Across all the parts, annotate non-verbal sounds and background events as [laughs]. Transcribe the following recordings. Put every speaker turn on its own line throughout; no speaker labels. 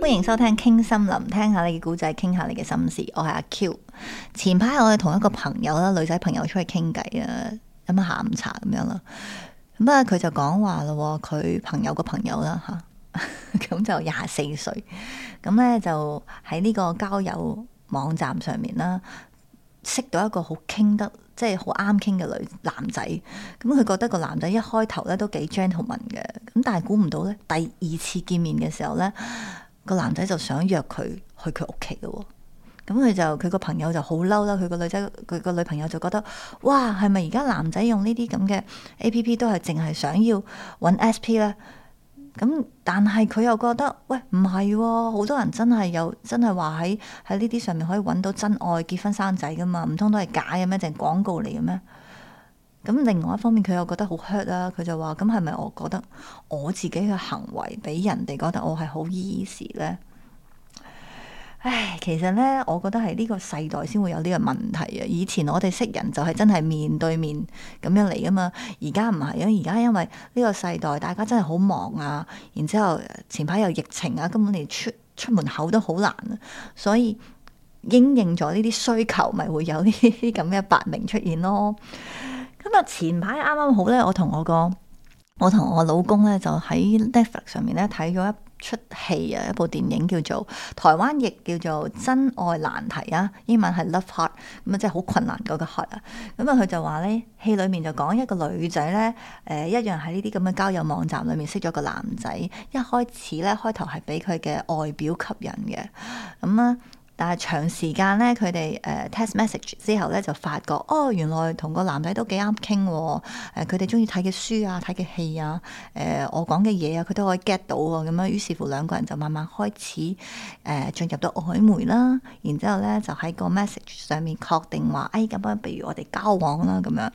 歡迎收聽《傾森林》，聽下你嘅故仔，傾下你嘅心事。我係阿 Q。前排我哋同一個朋友啦，女仔朋友出去傾偈啊，飲下下午茶咁樣啦。咁啊，佢就講話咯，佢朋友個朋友啦吓，咁就廿四歲。咁咧就喺呢個交友網站上面啦，識到一個好傾得。即係好啱傾嘅女男仔，咁佢覺得個男仔一開頭咧都幾 gentleman 嘅，咁但係估唔到咧，第二次見面嘅時候咧，個男仔就想約佢去佢屋企咯。咁佢就佢個朋友就好嬲啦，佢個女仔佢個女朋友就覺得，哇，係咪而家男仔用呢啲咁嘅 APP 都係淨係想要揾 SP 咧？咁，但係佢又覺得，喂，唔係，哦，好多人真係有，真係話喺喺呢啲上面可以揾到真愛，結婚生仔㗎嘛？唔通都係假嘅咩？淨廣告嚟嘅咩？咁另外一方面，佢又覺得好 hurt 啦。佢就話：咁係咪我覺得我自己嘅行為俾人哋覺得我係好 easy 咧？唉，其實咧，我覺得係呢個世代先會有呢個問題啊！以前我哋識人就係真係面對面咁樣嚟㗎嘛，而家唔係啊！而家因為呢個世代大家真係好忙啊，然之後前排有疫情啊，根本連出出門口都好難啊，所以應應咗呢啲需求，咪會有呢啲咁嘅發明出現咯。咁啊，前排啱啱好咧，我同我個我同我老公咧就喺 Netflix 上面咧睇咗一出戲啊，一部電影叫做台灣譯叫做《真愛難題》啊，英文係 Love Hard，咁啊，即係好困難嗰個 hard 啊。咁、嗯、啊，佢就話呢，戲裏面就講一個女仔呢誒、呃，一樣喺呢啲咁嘅交友網站裏面識咗個男仔，一開始呢，開頭係俾佢嘅外表吸引嘅，咁、嗯、啊。嗯但係長時間咧，佢哋誒、uh, text message 之後咧，就發覺哦，原來同個男仔都幾啱傾喎。佢哋中意睇嘅書啊，睇嘅戲啊，誒、呃，我講嘅嘢啊，佢都可以 get 到喎、哦。咁樣，於是乎兩個人就慢慢開始誒、呃、進入到曖昧啦。然之後咧，就喺個 message 上面確定話，哎，咁啊，譬如我哋交往啦，咁樣。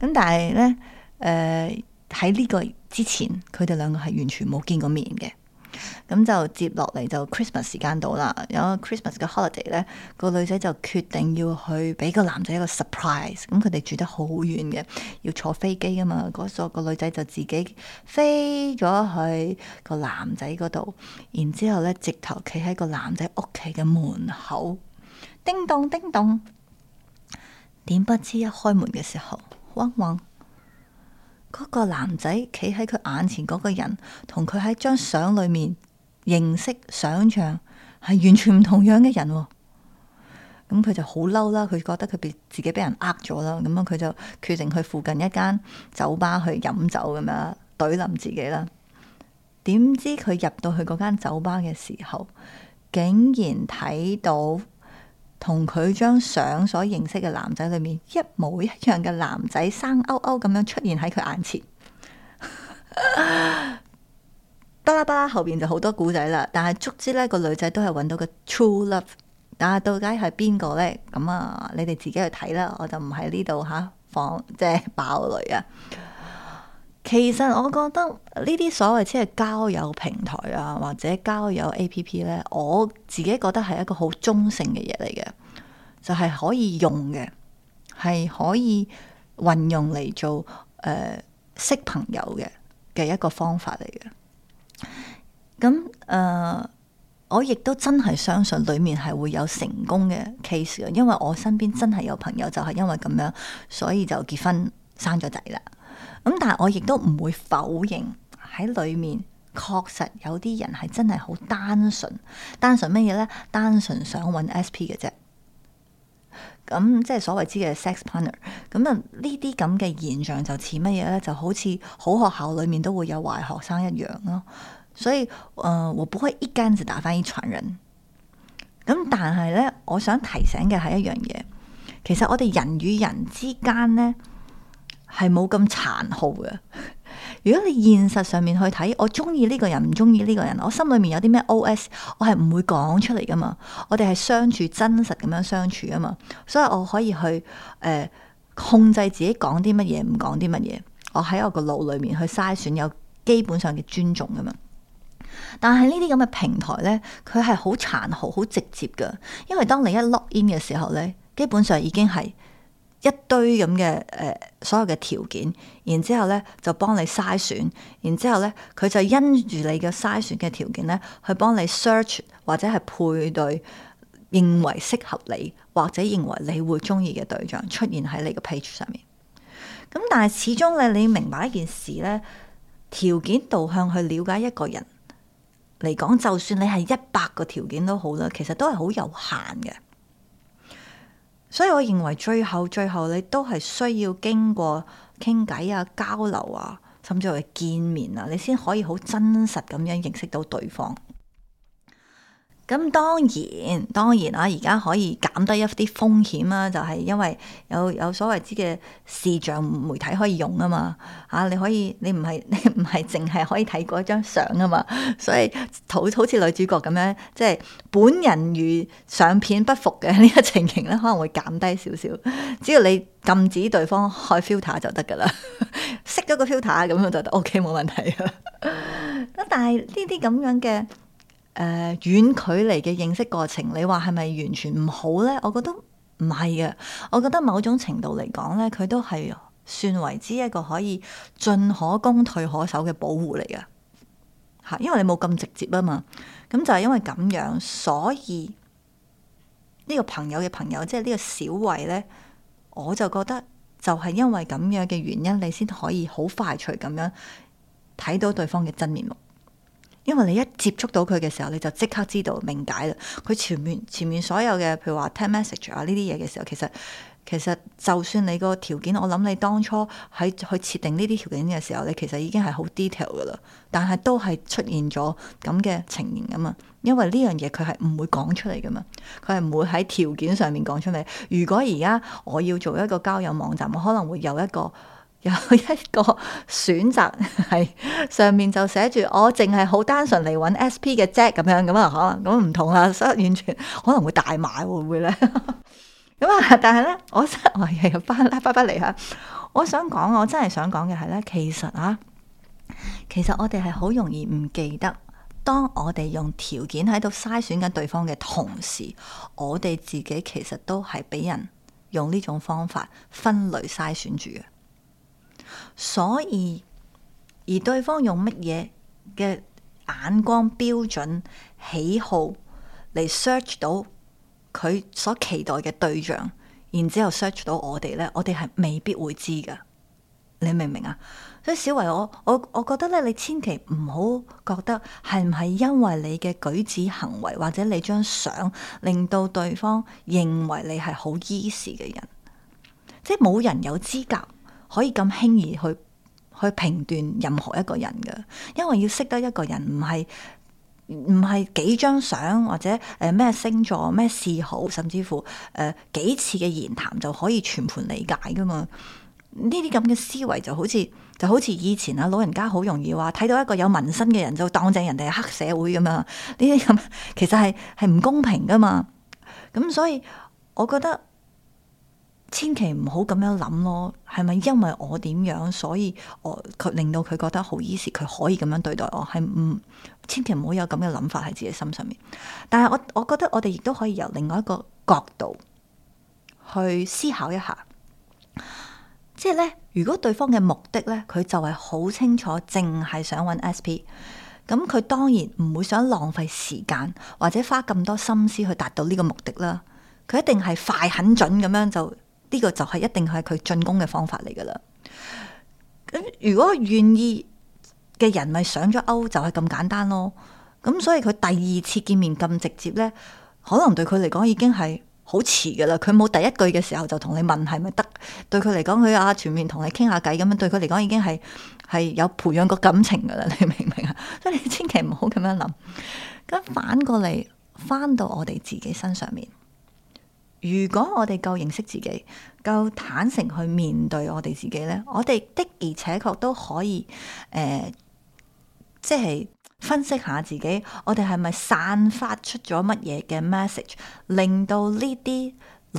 咁但係咧，誒喺呢個之前，佢哋兩個係完全冇見過面嘅。咁就接落嚟就 Christmas 時間到啦，有個 Christmas 嘅 holiday 呢，個女仔就決定要去俾個男仔一個 surprise。咁佢哋住得好遠嘅，要坐飛機㗎嘛。嗰時候個女仔就自己飛咗去個男仔嗰度，然之後呢，直頭企喺個男仔屋企嘅門口，叮咚叮咚。點不知一開門嘅時候，汪汪！嗰個男仔企喺佢眼前，嗰個人同佢喺張相裏面認識想象，係完全唔同樣嘅人。哦，咁佢就好嬲啦。佢覺得佢俾自己俾人呃咗啦，咁樣佢就決定去附近一間酒吧去飲酒咁樣懟冧自己啦。點知佢入到去嗰間酒吧嘅時候，竟然睇到同佢張相所認識嘅男仔裡面一模一樣嘅男仔生勾勾咁樣出現喺佢眼前，巴啦巴啦，後邊就好多古仔啦。但係總之呢個女仔都係揾到個 true love，但係到底係邊個呢？咁啊，你哋自己去睇啦。我就唔喺呢度吓放即係爆雷啊！其實我覺得呢啲所謂即係交友平台啊，或者交友 A P P 咧，我自己覺得係一個好中性嘅嘢嚟嘅，就係、是、可以用嘅，係可以運用嚟做誒、呃、識朋友嘅嘅一個方法嚟嘅。咁誒、呃，我亦都真係相信裡面係會有成功嘅 case 嘅，因為我身邊真係有朋友就係、是、因為咁樣，所以就結婚生咗仔啦。咁但係我亦都唔會否認喺裏面確實有啲人係真係好單純，單純乜嘢咧？單純想揾 SP 嘅啫。咁、嗯、即係所謂知嘅 sex partner。咁啊呢啲咁嘅現象就似乜嘢咧？就好似好學校裏面都會有壞學生一樣咯。所以誒、呃，我不可以一竿子打翻一船人。咁、嗯、但係咧，我想提醒嘅係一樣嘢。其實我哋人與人之間咧。係冇咁殘酷嘅。如果你現實上面去睇，我中意呢個人唔中意呢個人，我心裏面有啲咩 O.S.，我係唔會講出嚟噶嘛。我哋係相處真實咁樣相處啊嘛，所以我可以去誒、呃、控制自己講啲乜嘢，唔講啲乜嘢。我喺我個腦裏面去篩選有基本上嘅尊重噶嘛。但係呢啲咁嘅平台呢，佢係好殘酷、好直接噶。因為當你一 lock in 嘅時候呢，基本上已經係。一堆咁嘅誒，所有嘅條件，然之後咧就幫你篩選，然之後咧佢就因住你嘅篩選嘅條件咧，去幫你 search 或者係配對認為適合你或者認為你會鍾意嘅對象出現喺你嘅 page 上面。咁但係始終咧，你明白一件事咧，條件導向去了解一個人嚟講，就算你係一百個條件都好啦，其實都係好有限嘅。所以，我認為最後最後，你都係需要經過傾偈啊、交流啊，甚至係見面啊，你先可以好真實咁樣認識到對方。咁當然當然啊，而家可以減低一啲風險啦、啊，就係、是、因為有有所謂之嘅視像媒體可以用啊嘛，啊你可以你唔係你唔係淨係可以睇過一張相啊嘛，所以好好似女主角咁樣，即係本人與相片不符嘅呢個情形咧，可能會減低少少。只要你禁止對方開 filter 就得噶啦，熄 [laughs] 咗個 filter 咁就得 O K 冇問題啊。咁但係呢啲咁樣嘅。誒，遠、呃、距離嘅認識過程，你話係咪完全唔好呢？我覺得唔係嘅，我覺得某種程度嚟講呢，佢都係算為之一個可以進可攻退可守嘅保護嚟嘅，吓，因為你冇咁直接啊嘛。咁就係因為咁樣，所以呢個朋友嘅朋友，即係呢個小慧呢，我就覺得就係因為咁樣嘅原因，你先可以好快脆咁樣睇到對方嘅真面目。因為你一接觸到佢嘅時候，你就即刻知道明解啦。佢前面前面所有嘅，譬如話 text message 啊呢啲嘢嘅時候，其實其實就算你個條件，我諗你當初喺去設定呢啲條件嘅時候，你其實已經係好 detail 㗎啦。但係都係出現咗咁嘅情形㗎嘛。因為呢樣嘢佢係唔會講出嚟㗎嘛，佢係唔會喺條件上面講出嚟。如果而家我要做一個交友網站，我可能會有一個。有一個選擇係，上面就寫住我淨係好單純嚟揾 SP 嘅啫，咁樣咁啊可能咁唔同啊，所以完全可能會大買會唔會咧？咁 [laughs] 啊，但係咧，我真係日日翻翻嚟吓，我想講，我真係想講嘅係咧，其實啊，其實我哋係好容易唔記得，當我哋用條件喺度篩選緊對方嘅同時，我哋自己其實都係俾人用呢種方法分類篩選住嘅。所以，而對方用乜嘢嘅眼光標準、喜好嚟 search 到佢所期待嘅對象，然之後 search 到我哋呢，我哋係未必會知噶。你明唔明啊？所以小維，我我我覺得咧，你千祈唔好覺得係唔係因為你嘅舉止行為或者你張相令到對方認為你係好 easy 嘅人，即係冇人有資格可以咁輕易去去評斷任何一個人嘅，因為要識得一個人，唔係唔係幾張相或者誒咩星座咩嗜好，甚至乎誒、呃、幾次嘅言談就可以全盤理解㗎嘛？呢啲咁嘅思維就好似就好似以前啊老人家好容易話睇到一個有紋身嘅人就當正人哋係黑社會咁樣，呢啲咁其實係係唔公平㗎嘛？咁所以我覺得。千祈唔好咁樣諗咯，係咪因為我點樣，所以我佢令到佢覺得好 easy，佢可以咁樣對待我，係唔千祈唔好有咁嘅諗法喺自己心上面。但係我我覺得我哋亦都可以由另外一個角度去思考一下，即係咧，如果對方嘅目的咧，佢就係好清楚，淨係想搵 SP，咁佢當然唔會想浪費時間或者花咁多心思去達到呢個目的啦。佢一定係快狠準咁樣就。呢個就係一定係佢進攻嘅方法嚟噶啦。咁如果願意嘅人咪上咗鈎，就係咁簡單咯。咁所以佢第二次見面咁直接咧，可能對佢嚟講已經係好遲噶啦。佢冇第一句嘅時候就同你問係咪得，對佢嚟講，佢啊全面同你傾下偈咁樣，對佢嚟講已經係係有培養過感情噶啦。你明唔明啊？所以你千祈唔好咁樣諗。咁反過嚟翻到我哋自己身上面，如果我哋夠認識自己，夠坦誠去面對我哋自己咧，我哋的而且確都可以誒、呃，即係分析下自己，我哋係咪散發出咗乜嘢嘅 message，令到呢啲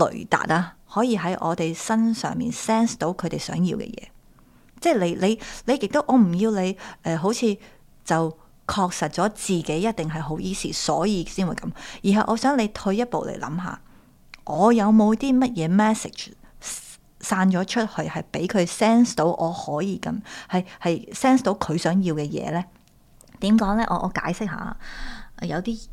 雷達啊，可以喺我哋身上面 sense 到佢哋想要嘅嘢。即係你你你亦都我唔要你誒、呃，好似就確實咗自己一定係好意思，所以先會咁。而係我想你退一步嚟諗下。我有冇啲乜嘢 message 散咗出去，係俾佢 sense 到我可以咁，係係 sense 到佢想要嘅嘢呢？點講呢？我我解釋下，有啲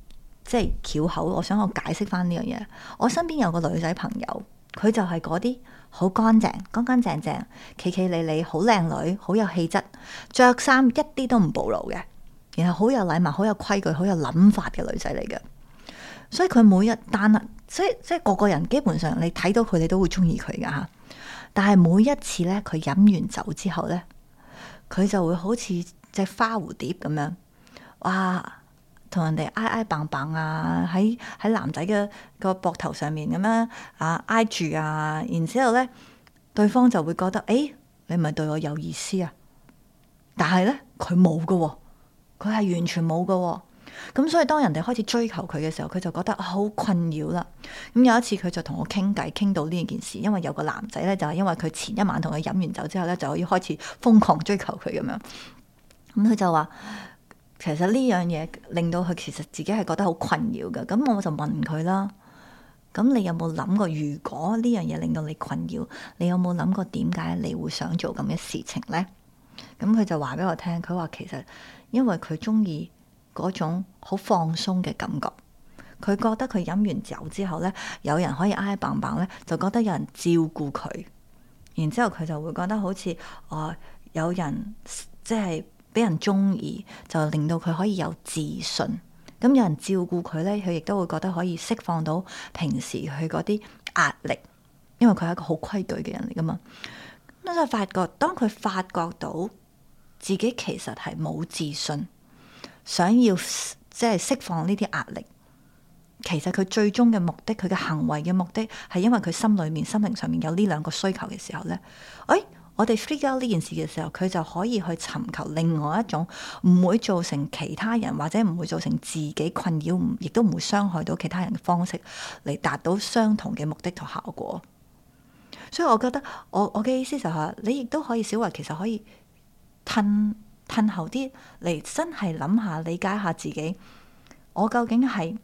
即係巧口，我想我解釋返呢樣嘢。我身邊有個女仔朋友，佢就係嗰啲好乾淨、乾乾淨淨、企企理理、好靚女、好有氣質、着衫一啲都唔暴露嘅，然後好有禮貌、好有規矩、好有諗法嘅女仔嚟嘅。所以佢每日單所以即係個個人基本上你睇到佢你都會中意佢噶吓，但係每一次咧佢飲完酒之後咧，佢就會好似隻花蝴蝶咁樣，哇，同人哋挨挨棒棒啊，喺喺男仔嘅個膊頭上面咁樣，啊，挨住啊，然之後咧，對方就會覺得誒、哎，你咪對我有意思啊，但係咧佢冇噶，佢係、哦、完全冇噶、哦。咁所以當人哋開始追求佢嘅時候，佢就覺得好困擾啦。咁有一次佢就同我傾偈，傾到呢件事，因為有個男仔咧就係因為佢前一晚同佢飲完酒之後咧，就可以開始瘋狂追求佢咁樣。咁佢就話，其實呢樣嘢令到佢其實自己係覺得好困擾㗎。咁我就問佢啦，咁你有冇諗過如果呢樣嘢令到你困擾，你有冇諗過點解你會想做咁嘅事情咧？咁佢就話俾我聽，佢話其實因為佢中意。嗰種好放鬆嘅感覺，佢覺得佢飲完酒之後呢，有人可以挨挨棒棒呢，就覺得有人照顧佢，然之後佢就會覺得好似哦，有人即係俾人中意，就令到佢可以有自信。咁有人照顧佢呢，佢亦都會覺得可以釋放到平時佢嗰啲壓力，因為佢係一個好規矩嘅人嚟㗎嘛。咁就發覺，當佢發覺到自己其實係冇自信。想要即係釋放呢啲壓力，其實佢最終嘅目的，佢嘅行為嘅目的，係因為佢心裏面、心靈上面有呢兩個需求嘅時候呢誒，我哋 free 掉呢件事嘅時候，佢、哎、就可以去尋求另外一種唔會造成其他人或者唔會造成自己困擾，唔亦都唔會傷害到其他人嘅方式，嚟達到相同嘅目的同效果。所以我覺得，我我嘅意思就係、是，你亦都可以小維其實可以吞，褪後啲嚟，真係諗下理解下自己，我究竟係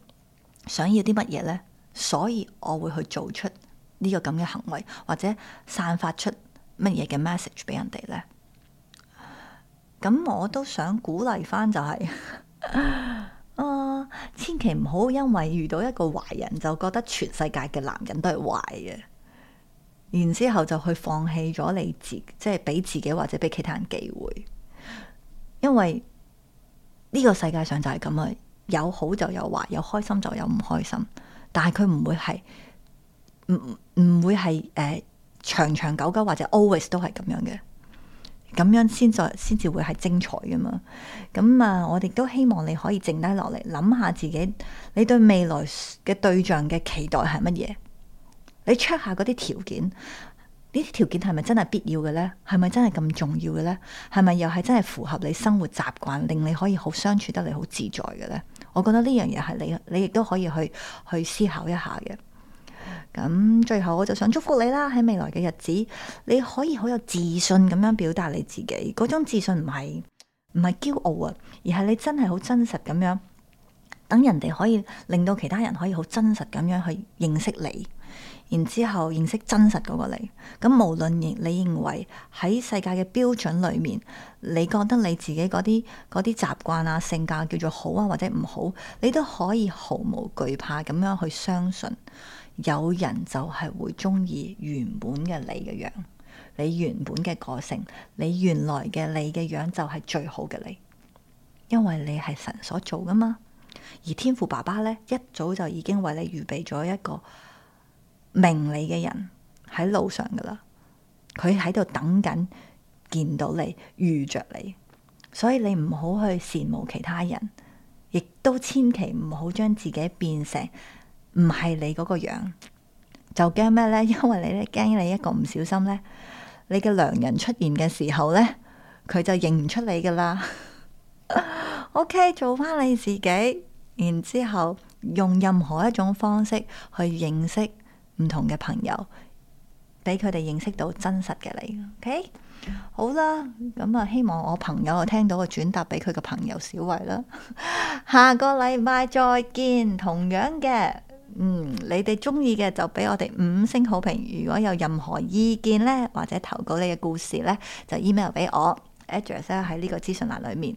想要啲乜嘢呢？所以我會去做出呢個咁嘅行為，或者散發出乜嘢嘅 message 俾人哋呢。咁我都想鼓勵翻，就係、是， [laughs] 啊，千祈唔好因為遇到一個壞人，就覺得全世界嘅男人都係壞嘅，然之後就去放棄咗你自即係俾自己或者俾其他人機會。因為呢個世界上就係咁啊，有好就有壞，有開心就有唔開心，但係佢唔會係唔唔會係誒、呃、長長久久或者 always 都係咁樣嘅，咁樣先再先至會係精彩噶嘛。咁啊，我哋都希望你可以靜低落嚟諗下，下想想自己你對未來嘅對象嘅期待係乜嘢，你 check 下嗰啲條件。呢啲條件係咪真係必要嘅咧？係咪真係咁重要嘅咧？係咪又係真係符合你生活習慣，令你可以好相處得嚟、好自在嘅咧？我覺得呢樣嘢係你，你亦都可以去去思考一下嘅。咁最後我就想祝福你啦！喺未來嘅日子，你可以好有自信咁樣表達你自己。嗰種自信唔係唔係驕傲啊，而係你真係好真實咁樣，等人哋可以令到其他人可以好真實咁樣去認識你。然之後認識真實嗰個你，咁無論認你認為喺世界嘅標準裏面，你覺得你自己嗰啲嗰啲習慣啊、性格叫做好啊或者唔好，你都可以毫無懼怕咁樣去相信，有人就係會中意原本嘅你嘅樣，你原本嘅個性，你原來嘅你嘅樣就係最好嘅你，因為你係神所做㗎嘛，而天父爸爸呢，一早就已經為你預備咗一個明你嘅人喺路上噶啦，佢喺度等緊見到你，遇着你，所以你唔好去羨慕其他人，亦都千祈唔好將自己變成唔係你嗰個樣。就驚咩呢？因為你呢驚你一個唔小心呢，你嘅良人出現嘅時候呢，佢就認唔出你噶啦。 [laughs] OK，做翻你自己，然之後用任何一種方式去認識。唔同嘅朋友，俾佢哋認識到真實嘅你。OK，好啦，咁、嗯、啊，希望我朋友啊聽到我轉達俾佢嘅朋友小慧啦。 [laughs] 下個禮拜再見，同樣嘅，嗯，你哋中意嘅就俾我哋五星好評。如果有任何意見呢，或者投稿你嘅故事呢，就 email 俾我 address 喺呢個資訊欄裡面。